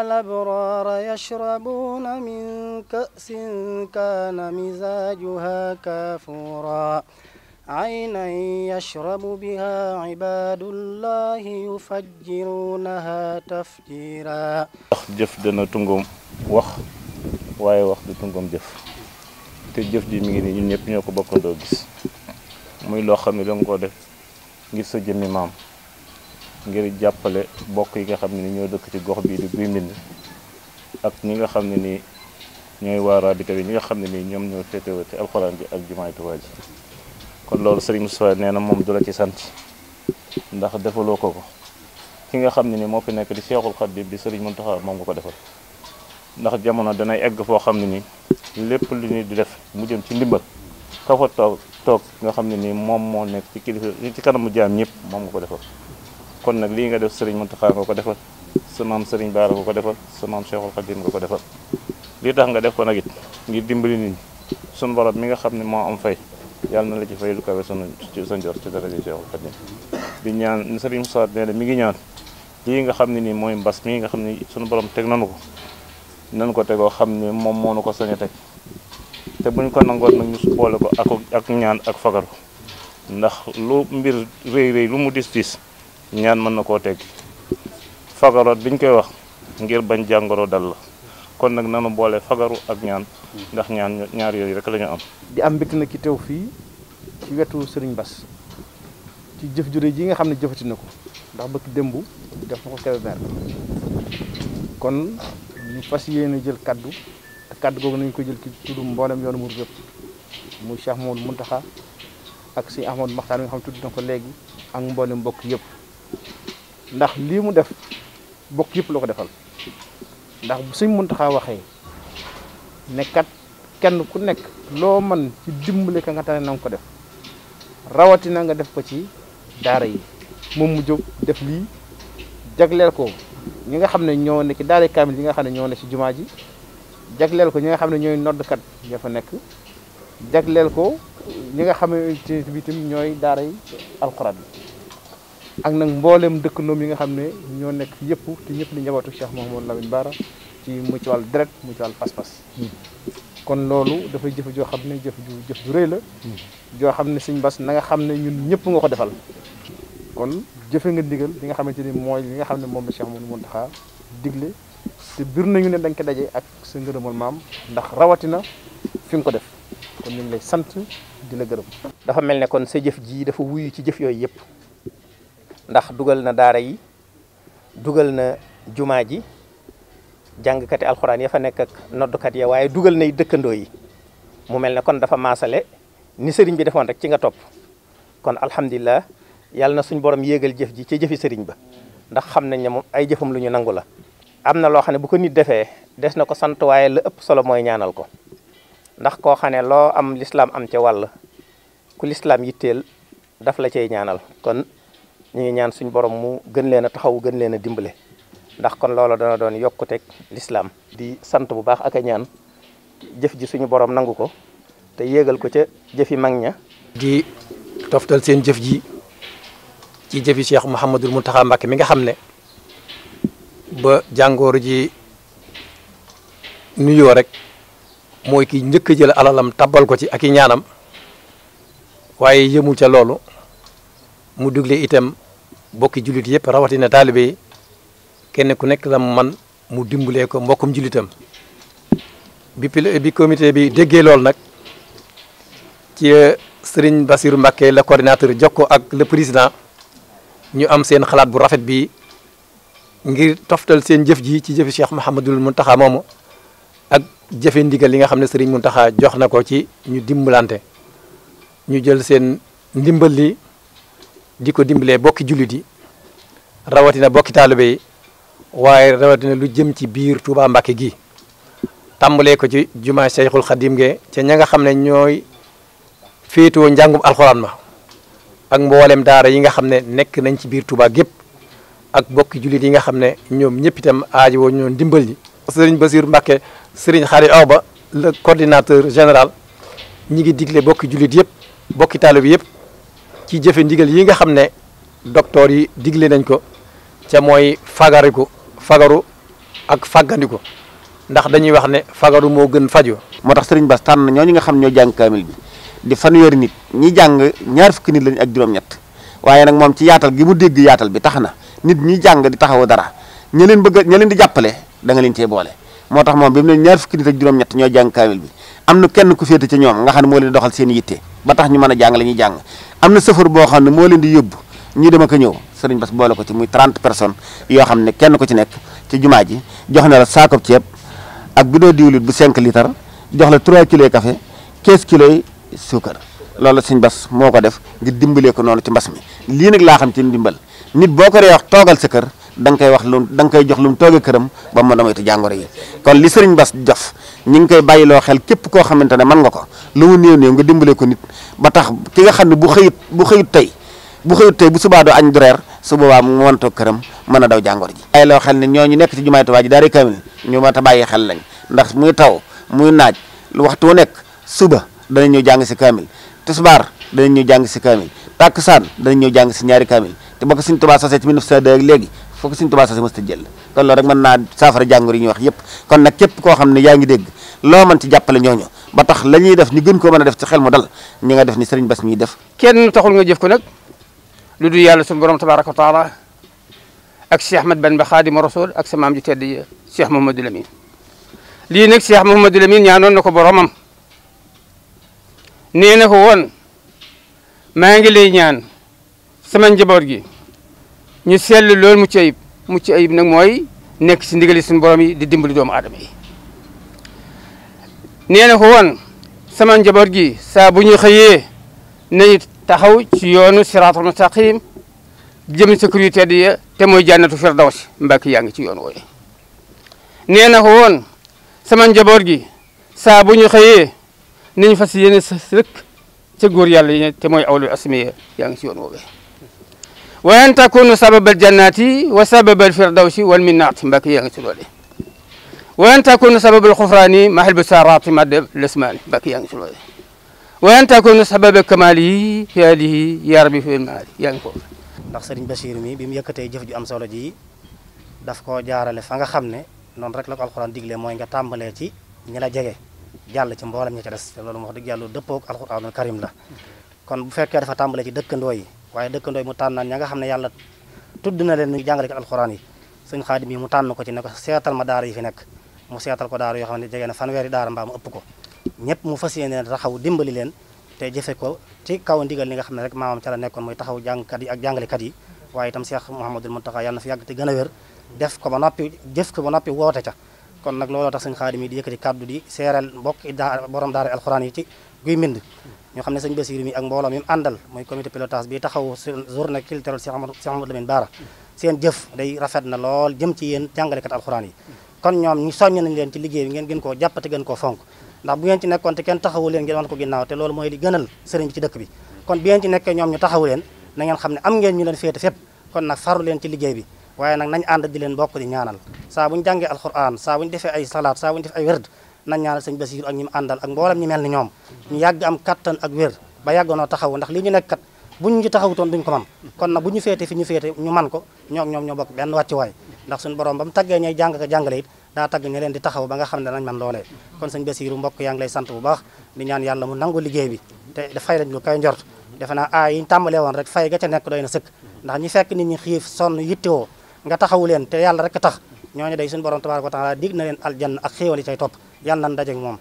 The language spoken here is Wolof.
الأبرار يشربون من كأس كان مزاجها كافورا عينا يشرب بها عباد الله يفجرونها تفجيرا واخ جف دنا تونغوم واخ واي واخ دي تونغوم جف تي جف دي ميغي ngir jàppale mbokk yi nga xam ne ni ñoo dëkk ci gox bii di Guy Mbind ak ñi nga xam ne nii ñooy waa rabita bi ñi nga xam ne nii ñoom ñoo teetewa te alxuraan bi ak jumaatu Tuubaa ji kon loolu Serigne Moustapha nee na moom du la ci sant ndax defaloo ko ko ki nga xam ne ni moo fi nekk di Seexul Xadiim di Serigne Mountakha moom nga ko defal ndax jamono danay egg foo xam ne ni lépp lu ñuy di def mu jëm ci ndimbal ka fa toog toog nga xam ne ni moom moo nekk ci kilifa ci kanamu jaam ñëpp moom nga ko defal kon nak li nga def serigne muntaxa nga ko defal sa mam serigne baara nga ko defal sa mam cheikhul xadim nga ko defal li tax nga def ko nag it ngir dimbali nit sun borom mi nga xamni mo am fay yalla na la ci fay lu kawé sunu ci sun jor ci daraja cheikhul khadim di ñaan sëriñ Moussa nee mi ngi ñaan lii nga xamni ni moy mbass mi nga xamni ne sunu borom tek nanu ko nan ko tego xamni mom mo nu ko sañ tek teg te buñ ko nangoon nak ñu bolé ko ak ak ñaan ak fagaru ndax lu mbir reey reey lu mu dis dis ñaan mën na koo fagarot fagaroot biñ koy wax ngir bañ jàngoro dal la kon nag nanu boole fagaru ak ñaan ndax ñaan ñaar yooyu rek la ñu am. di am mbégte na ci tew fii ci wetu Serigne Bass ci jëf jure ji nga xam ne jëfati na ko ndax bëkk démb def na ko kon ñu fas yéene jël kaddu te kaddu googu nañ ko jël ci tuddu mboolem yoonu mur yëpp muy Cheikh Mouhamadou Mountakha ak si ahmad Makhtar nga xam tudd na ko ak mboolem mbokk yëpp ndax li mu def bokk yëpp la ko defal ndax bu suñ muntaxaa waxee ne kat kenn ku nekk loo man ci dimbali ka nga tane na nga ko def rawatina nga def ko ci daara yi moom mu jóg def lii jagleel ko ñi nga xam ne ñoo ne ci daara kaamil yi nga xam ne ñoo ne ci juma ji jagleel ko ñi nga xam ne ñooy noddkat ya fa nekk jagleel ko ñi nga xam ne bi itam ñooy daara yi alxuraan ak nag mboolem dëkkandoom yi nga xam ne ñoo nekk yëpp te ñëpp di njabootu Cheikh Mouhamadou Lamine Bara ci mu ci wàllu deret mu ci wàllu pas-pas kon loolu dafay jëf joo xam ne jëf ju jëf ju rëy la joo xam ne sëñ Bass na nga xam ne ñun ñëpp nga ko defal kon jëfe nga ndigal li nga xamante ni mooy li nga xam ne moom la Cheikh Mouhamadou Mountakha digle te bir nañu ne dañ ko daje ak sa ngërëmal maam ndax rawatina fi nga ko def kon ñu ngi lay sant di la gërëm dafa mel ne kon sa jëf ji dafa wuyu ci jëf yooyu yëpp ndax dugal na daara yi dugal na jumaa ji jàngkati alxuraan ya fa nekk ak noddukat ya waaye dugal nay dëkkandoo yi mu mel ne kon dafa maasale ni sëriñ bi defoon rek ci nga topp kon alhamdulilah yàlla na suñ borom yéegal jëf ji ci jëfi sëriñ ba ndax xam nañ ne moom ay jëfam lu ñu nangu la am na loo xam ne bu ko nit defee des na ko sant waaye la ëpp solo mooy ñaanal ko ndax koo xam ne loo am lislaam am ca wàll ku lislaam yitteel daf la cay ñaanal kon ñu ngi ñaan suñu borom mu gën leen a taxaw gën leen a dimbale ndax kon loola dana doon yokkuteeg lislaam di sant bu baax ak a ñaan jëf ji suñu borom nangu ko te yéegal ko ca jëfi mag ña di toftal seen jëf ji ci jëfi Cheikh mu Mountakha Mbacké mi nga xam ne ba jàngooru ji nuyoo rek mooy ki njëkk jël alalam tabbal ko ci ak i ñaanam waaye yëmu ca loolu mu dugle itam bokki jullit yëpp rawatina taalibe yi kenn ku nekk la man mu dimbalee ko mbokkum jullitam bi pil bi comité bi déggee loolu nag ci euh, Serigne Bassirou Mbacké la coordinateur jokko ak le président ñu am seen xalaat bu rafet bi ngir toftal seen jëf ji ci jëfi Cheikh mun taxa moomu ak jëfe ndigal li nga xam ne Serigne Mountakha jox na ko ci ñu dimbalante ñu jël seen ndimbal li di ko dimbalee bokki jullit yi rawatina bokki taalibe yi waaye rawatina lu jëm ci biir Touba Mbacké gi tàmbalee ko ci jumaa Cheikhul Khadim ge ca ña nga xam ne ñooy féetoo njàngum alxuraan ma ak mboolem daara yi nga xam ne nekk nañ ci biir Touba gépp ak bokki jullit yi nga xam ne ñoom ñëpp itam aajowoo ñoo ndimbal yi sëriñ Basiir Mbacké sëriñ Xaari Awba coordinateur général ñi ngi digle bokki jullit yëpp bokki taalibe yëpp ci jëfë ndigal yi nga xamné docteur yi digle nañ ko ca moy fagariku fagaru ak fagani ndax dañuy wax ne fagaru mo gën faju motax serigne sëriñ Bass tànn ñooñu nga xam ñoo jang kamil bi di yor nit ñi jang ñaar fukki nit lañ ak juroom ñet waye nak mom ci yaatal gi mu dégg yaatal bi taxna nit ñi jang di taxaw dara ñeleen bëgg ñeleen di jappalé da nga leen ci bolé motax mom bimu ñaar fukki nit ak juroom ñet ñoo jang kamil bi Amnu kenn ku fété ci ñoom nga xam mo leen doxal seen yitté ba tax ñu mëna jang jang am na sëfar boo xam ne moo leen di yóbbu ñuy dem ak a ñëw sëriñ Bass boole ko ci muy 30 personnes yoo xam ne kenn ku ci nekk ci jumaa ji jox na la saakob ceeb ak bidon diwlit bu 5 litres jox la 3 kilos café 15 kilos suukar loolu sëriñ Bass moo ko def ngir dimbalee ko noonu ci mbas mi lii nag laa xam ci dimbal nit boo ko dee wax toogal sa kër da nga koy wax lu da nga koy jox lu mu toogee këram ba mu mën a moytu jàngoro yi li sëriñ Bass jof ñi ngi koy bàyyiloo xel képp koo xamante ne mën nga ko lu mu néew néew nga dimbale ko nit ba tax ki nga xam ne bu xëyut bu xëyut tey bu xëyut bu subaa doo añ du reer su boobaa mu mën këram mën a daw jàngoro ji bàyyiloo xel ne ñooñu nekk ci jumaay Tuubaa ji daara kaamil ñu mën a bàyyi lañ ndax muy taw muy naaj lu waxtu wu nekk suba danañ ñëw jàng si kaamil tisbaar danañ ñëw jàng si kaamil tàkkusaan danañ ñëw jàng si ñaari kaamil te ba ko Sëriñ Tuubaa sosee ci 1902 ak léegi fofu seigne touba sax kalau jël kon lo rek man na safara jangori ñu wax yépp kon nak képp ko xamni yaangi dégg lo man ci jappalé ñoño ba tax lañuy def ni gën ko mëna def ci xel mu dal ñi nga def ni serigne bass mi def kenn taxul nga jëf ko nak luddu yalla sun borom tabaaraku ta'ala ak cheikh ahmed ben bakhadim rasul ak samaam ji tedd cheikh mohammed lamin li nak cheikh mohammed lamin ñaanon nako boromam neena ko won ma ngi lay ñaan sama njabot gi ñu seetlu loolu mucc ayib mucc ayib nag mooy nekk si ndigali suñu borom yi di dimbali doomu aadama yi nee na ko woon sama njaboot gi saa bu ñu xëyee nañu taxaw ci yoonu siraatul mustaqim jëm sécurité di te mooy jànnatu firdaws mbàkki yaa ngi ci yoon wooye nee na ko woon sama njaboot gi saa bu ñu xëyee nañu fas yéene sës rek ca góor yàlla yi te mooy awlu asmiya yaa ngi ci yoon woowee wa an takunu sababal jannati wa sababal firdawsi wal minnaat mbak yaa ngi ci loolu wa an takunu sababal xufraani mahilbu saaraati madde lesmaani mbak yaa ngi ci loolu wa yi fi alihi yaa rabbi fi maali yaa ngi foofu ndax sëriñ Bachir bi mu yëkkatee jëf ji am solo ji daf koo jaarale fa nga xam ne noonu rek la ko alxuraan digle mooy nga tàmbalee ci ñi la jege jàll ci mboola ña ca des te loolu wax dëgg yàlla dëppoog alxuraanul karim la kon bu fekkee dafa tàmbalee ci dëkkandoo yi waaye dëkkandooy mu tànnaan ña nga xam ne yàlla tudd na leen ñu jàngalekat alxuraan yi sëñ xaadim yi mu tànn ko ci ne seetal ma daara yi fi nekk mu seetal ko daara yoo xam ne jege na fanweeri daara mbaa mu ëpp ko ñëpp mu fas yéene taxaw dimbali leen te jëfe ko ci kaw ndigal li nga xam ne rek maamam ca la nekkoon mooy taxaw jàngkat yi ak jàngalekat yi waaye itam Cheikh Mouhamadul Mountakha yàlla na fi yàgg te gën a wér def ko ba noppi jëf ko ba noppi woote ca kon nag looloo tax sëñ xaadim yi di yëkkati kàddu di seeral mbokk daara borom daara alxuraan yi ci guy ñoo xam ne sëñ Bassirou mi ak mbooloo mi mu àndal mooy comité pilotage bi taxaw journée culturelle Cheikh Amadou Lamine Bara seen jëf day rafet na lool jëm ci yéen jàngalekat alxuraan yi kon ñoom ñu soññ nañ leen ci liggéey bi ngeen gën koo jàppate gën koo fonk ndax bu ngeen ci nekkoon te kenn taxawu leen ngeen wan ko ginnaaw te bi ci dëkk bi kon nekkee ñoom ñu taxawu leen na ngeen xam ne am ngeen ñu leen féete fépp kon nag faru leen ci liggéey bi waaye nag nañ ànd di leen bokk di ñaanal saa bu ñu jàngee alxuraan saa bu ay salaat saa bu ñu defee ay werd nan ñaanal sëñ Basiir ak ñi mu àndal ak mboolem ñi mel ni ñoom ñu yàgg am kattan ak wér ba yàggoonoo taxaw ndax li ñu nekk kat buñ ñu na bu ñu feete fi ñu féete ñu man ko ñoo ñoom ñoo bokk benn wàccuwaay ndax suñu borom ba mu taggee ñay jàng ka jàngale it daa tagg ña di taxaw ba nga xam ne nañ man loolee kon sëñ Basiiru mbokk yaa ngi lay sant bu baax di ñaan yàlla mu nangu liggéey bi te fay lañ lu koy njort defe naa aay yi ñu tàmbalee woon rek fay ga ca nekk doy na sëkk ndax ñi fekk nit ñi xiif sonn yittewoo nga taxawu leen te yàlla rek tax ñooñu day suñu borom tabaaraka wa taala dig na leen aljanna ak xéewal yi cay topp yàlla nan dajeek moom